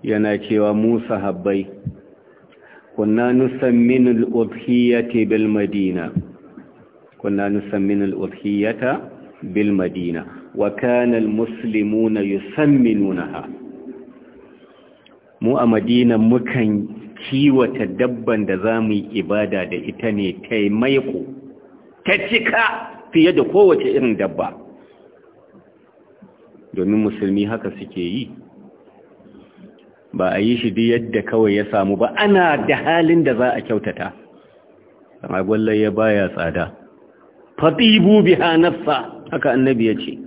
yana cewa musa habbai كنا نسمن الأضحية بالمدينة كنا نسمن الأضحية بالمدينة وكان المسلمون يسمنونها mu a madina mukan kiwata dabban da za mu yi ibada da ita ne taimaiku ta cika fiye da kowace irin dabba domin musulmi haka suke yi ba a yi shi duk yadda kawai ya samu ba ana da halin da za a kyautata amma gwallon ya baya tsada fatibu biha nafsa haka annabi ya ce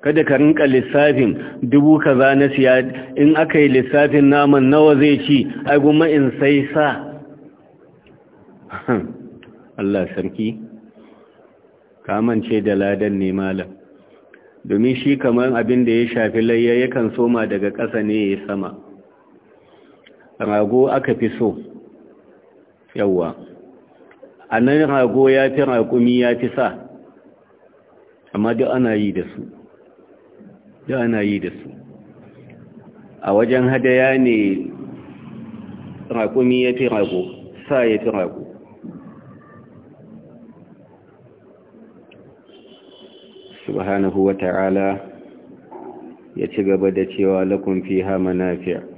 kada ka rinka lissafin dubu kaza na siya in aka yi lissafin naman nawa zai ci ai goma in sai sa <laughs> Allah sarki kamance da ladan ne malam domin shi kamar abin da ya shafi layya yakan soma daga ƙasa ne ya sama rago aka fi so yawwa a nan rago ya fi raƙumi ya fi sa amma duk ana yi da su duk ana yi da su a wajen hadaya ne raƙumi ya fi rago sa ya fi rago subhanahu wa ta'ala ya ci gaba da cewa lakun fi ha manafiya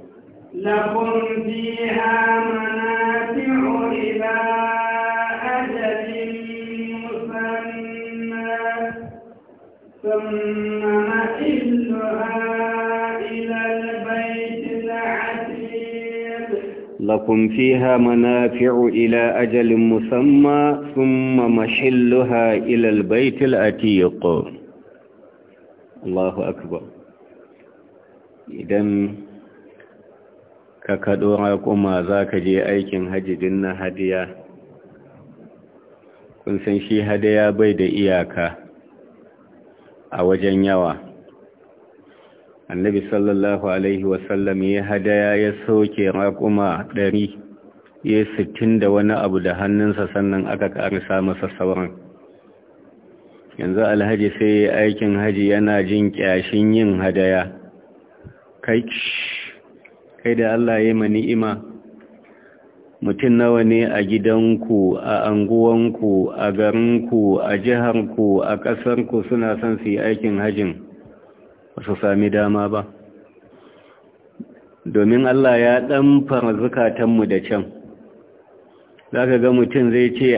لكم فيها منافع إلى أجل مسمى ثم محلها إلى البيت العتيق لكم فيها منافع إلى أجل مسمى ثم محلها إلى البيت العتيق الله أكبر إذن ka kaɗo kuma za ka je aikin hajjidin na hadiya kun san shi hadiya bai da iyaka a wajen yawa annabi sallallahu alaihi wasallam ya hadaya ya soke raƙuma ɗari ya sittin da wani abu da hannunsa sannan aka ƙarisa masa sauran yanzu alhaji sai aikin haji yana jin ƙyashin yin hadaya kai kai da Allah ya yi ni'ima mutum nawa ne a gidanku a anguwanku a garinku a jiharku a ƙasarku suna son su yi aikin hajjin ba su sami dama ba domin Allah ya ɗan fara zukatanmu da can za ka ga mutum zai ce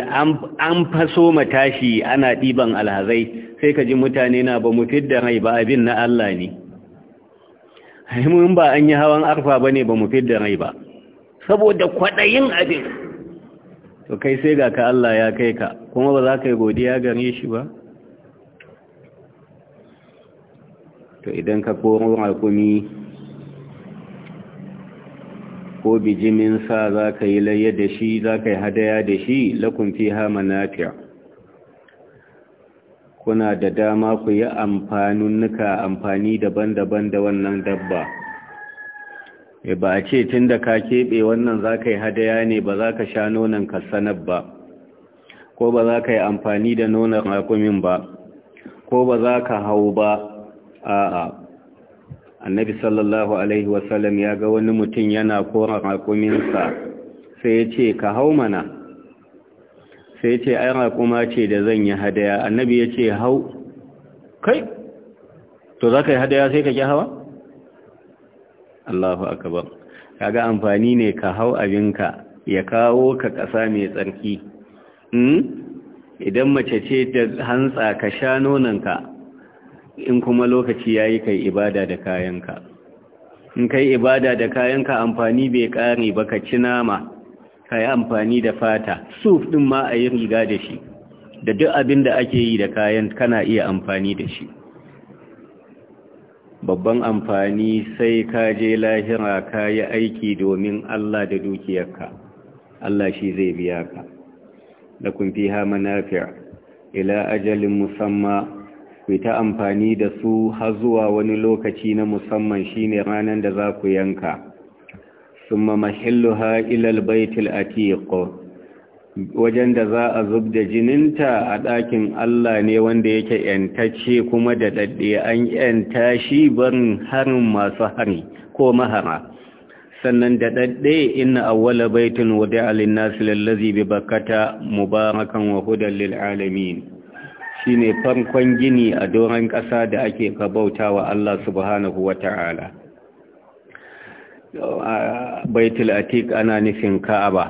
an faso matashi ana ɗiban alhazai sai ka ji mutane na ba mu da rai ba abin na Allah ne haimun ba an yi hawan arfa ba ne ba mu da rai ba saboda kwaɗayin abin to kai sai ga ka Allah ya kai ka kuma ba za ka yi godiya gare shi ba to idan ka koro rakumi ko bijiminsa za ka yi layya da shi za ka yi hadaya da shi lakunfi ha manafiya kuna da dama ku yi amfaninnuka amfani daban-daban da wannan dabba e ba a ce tun da ka keɓe wannan za ka yi hadaya ne ba za ka sha nonon kasanar ba ko ba za ka yi amfani da nonon rakumin ba ko ba za ka hau ba a'a annabi sallallahu alaihi wasallam ya ga wani mutum yana koran rakuminsa sai ya ce ka hau mana sai ce ai raƙuma ce da zan yi hadaya annabi ya ce hau kai to za ka yi hadaya sai ka ki hawa? Allahu akabar kaga amfani ne ka hau abinka ya kawo ka ƙasa mai tsarki hmm? idan mace ce da hantsa ka sha ka, in kuma lokaci ya yi kai ibada da kayanka in kai ibada da kayanka amfani bai ƙare ba ka ci nama ka yi amfani da fata suf ɗin ma a yi riga da shi da duk abin da ake yi da kayan kana iya amfani da shi babban amfani sai ka je lahira ka yi aiki domin Allah da dukiyarka Allah shi zai biya ka da kun fi ha manafiya ila ajalin musamman ku ta amfani da su har zuwa wani lokaci na musamman shine ranar da za ku yanka ثم محلها إلى a الأتيق wajen da za a zub da jininta a ɗakin Allah ne wanda yake ‘yantacce kuma da daɗe an ‘yanta shi barin harin masu hari ko mahara sannan da daɗe ina awwala baitin wada alin nasu lallazi bi bakata mubarakan wa hudan lil'alamin shi ne farkon gini a doron ƙasa da ake kabauta wa Allah subhanahu wa a baitul atiq ana nufin ka'aba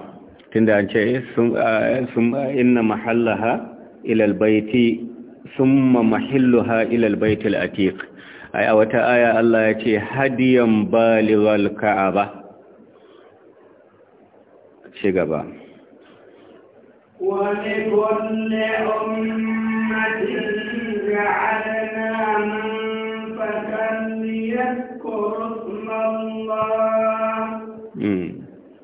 tunda an ce sun inna mahallaha ilal baiti summa mahilluha ilal baitul atiq ai a wata aya Allah ya ce hadiyan balighal ka'aba ci gaba wa li kulli ummatin ja'alna man فكان ليذكر اسم الله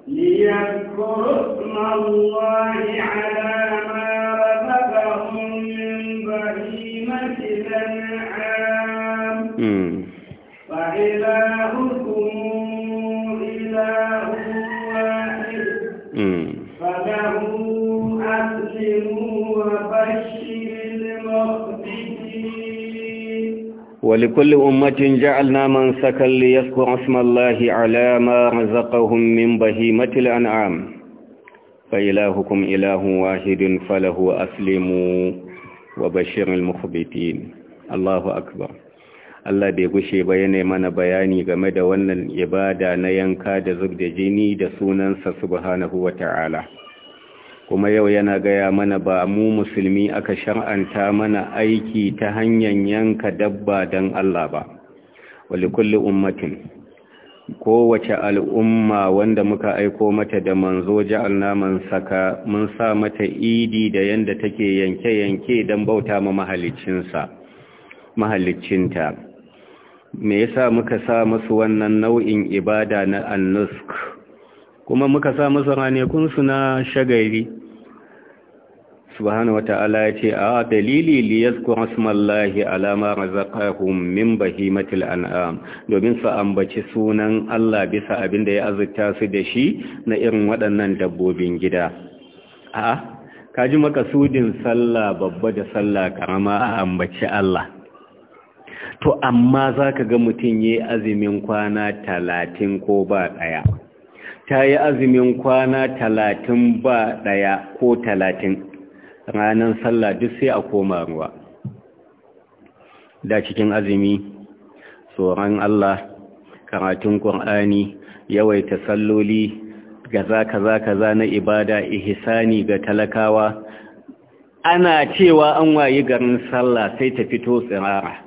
ليذكر اسم الله على ما رزقهم من بهيمة الأنعام فإذا ولكل أمة جعلنا منسكا ليذكر اسم الله على ما رزقهم من بهيمة الأنعام فإلهكم إله واحد فله أسلموا وبشر المخبتين الله أكبر Allah bai gushe ba yana mana bayani game da wannan ibada na yanka da zub da jini da sunansa subhanahu wa ta'ala. kuma yau yana gaya mana ba mu musulmi aka shar'anta mana aiki ta hanyar yanka dabba don Allah ba wali kulli ummatin kowace al'umma wanda muka aiko mata da manzo ja'alna man saka mun sa mata idi da yanda take yanke-yanke don bauta ma mahalicinsa mahalicinta me yasa muka sa musu wannan nau'in ibada na annusk kuma muka sa musu ranekunsu na shagari subhanahu wata'ala ya ce a dalili li yazkura asmallahi ala ma razaqahum min bahimatil an'am domin su ambaci sunan Allah bisa abin da ya azurta su da shi na irin waɗannan dabbobin gida a kaji makasudin sallah babba da sallah karama a ambaci Allah to amma zaka ga mutum yayi azumin kwana talatin ko ba ɗaya. ta yi azumin kwana talatin ba ɗaya ko talatin ranar sallah duk sai a koma ruwa da cikin azumi tsoron Allah karatun ƙur'ani yawaita salloli gaza kaza kaza na ibada ihisani ga talakawa ana cewa an wayi garin sallah sai ta fito tsirara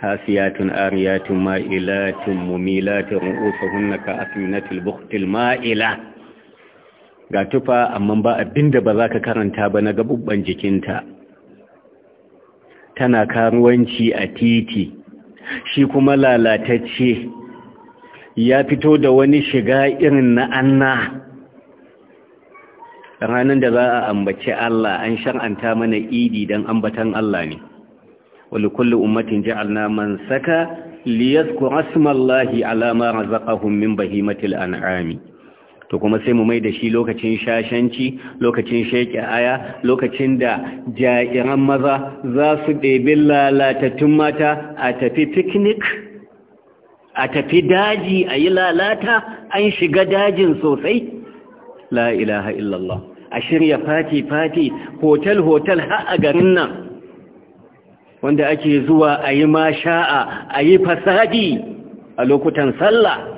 كاسيات آريات مائلات مميلات رؤوسهن كأثمنة البخت المائلة ga tufa amma ba abinda ba za ka karanta ba na gabubban jikinta tana karuwanci a titi shi kuma lalatacce ya fito da wani shiga irin na anna ranar da za a ambaci Allah an shar'anta mana idi don ambatan Allah ne ولكل أمة جعلنا من سكى ليذكر اسم الله على ما رزقهم من بهيمة الأنعام to kuma sai mu mai da shi lokacin shashanci lokacin sheke aya lokacin da jairan maza za su ɗebi lalatattun mata a tafi picnic a tafi daji a yi lalata an shiga dajin sosai la ilaha illallah a shirya fati-fati hotel-hotel har a garin nan wanda ake zuwa a yi masha'a a yi fasadi a lokutan sallah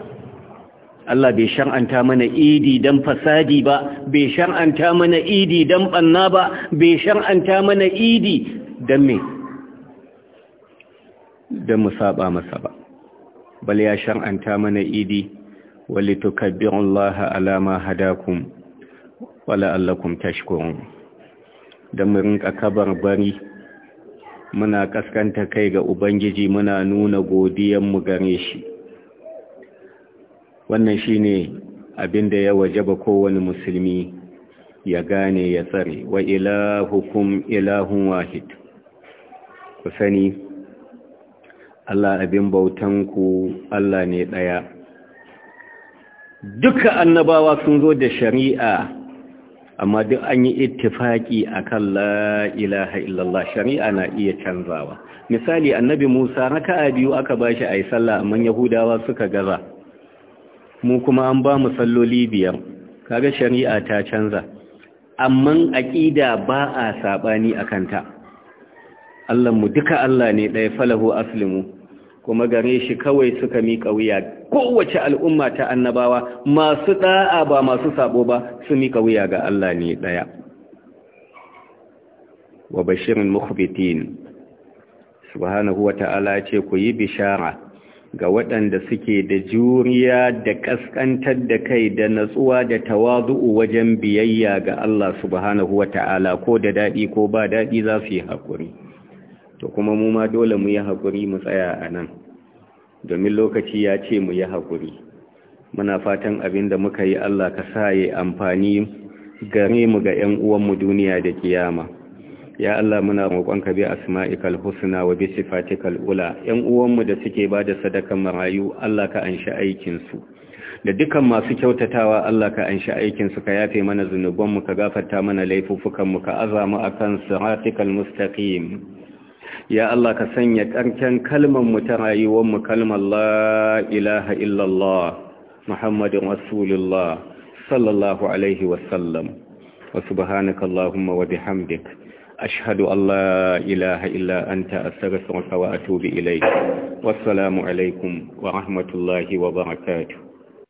Allah bai shar'anta mana idi don fasadi ba bai shar'anta mana idi don banna ba bai shar'anta mana idi don me don mu saba masa ba bal ya shar'anta mana idi wali tukabbirullaha laha alama hadakun wala tashkurun don mu rinka kabar bari muna kaskanta kai ga ubangiji muna nuna godiyanmu gare shi wannan shi ne abin da ya waje ba kowane musulmi ya gane ya tsare wa ilahukum ilahun wahid ku sani Allah abin bautanku Allah ne ɗaya duka annabawa sun zo da shari'a amma duk an yi ittifaki akan la ilaha illallah shari'a na iya canzawa misali annabi Musa raka'a biyu aka ba shi bashi ayi sallah amma yahudawa suka gaza mu kuma an ba mu salloli biyar kaga shari'a ta canza amma ƙida ba a saɓani a kanta. Allah duka Allah ne ɗaya falahu aslimu kuma gare shi kawai suka miƙa wuya kowace al'umma ta annabawa masu ɗa'a ba masu saɓo ba su miƙa wuya ga Allah ne ɗaya wa bashirin mukhbitin subhanahu wa ta'ala ce ku yi bishara ga waɗanda suke da juriya da ƙasƙantar da kai da natsuwa da tawazu'u wajen biyayya ga Allah subhanahu wa ta'ala ko da daɗi ko ba daɗi za su yi haƙuri to kuma mu ma dole mu yi haƙuri mu tsaya a nan domin lokaci ya ce mu yi haƙuri muna fatan abin da muka yi Allah ka sa yi amfani gare mu ga 'yan uwanmu duniya da kiyama ya Allah muna ka bi asma'ikal husna wa bi sifatikal ula 'yan uwanmu da suke ba da sadakan marayu Allah ka anshi aikin su da dukan masu kyautatawa Allah ka anshi aikin su ka yafe mana zunubanmu ka gafarta mana laifuffukan mu ka azama akan siratikal mustaqim ya Allah ka sanya ƙarken kalmar mu ta rayuwar mu kalmar la ilaha illallah muhammadin rasulullah sallallahu alaihi wasallam wa subhanaka allahumma wa bihamdik ashhadu an la ilaha illa anta astaghfiruka wa atubu ilayk wassalamu alaikum wa rahmatullahi wa barakatuh